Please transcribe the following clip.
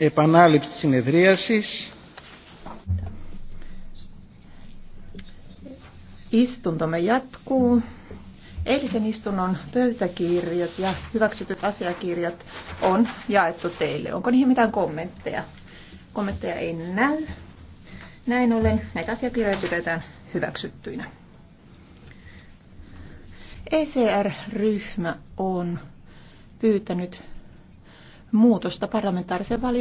επανάληψη συνεδρίασης. Istuntomme jatkuu. Eilisen istunnon pöytäkirjat ja hyväksytyt asiakirjat on jaettu teille. Onko niihin mitään kommentteja? Kommentteja ei näy. Näin ollen näitä asiakirjoja pidetään hyväksyttyinä. ECR-ryhmä on pyytänyt muutosta parlamentaarisen valiokunnan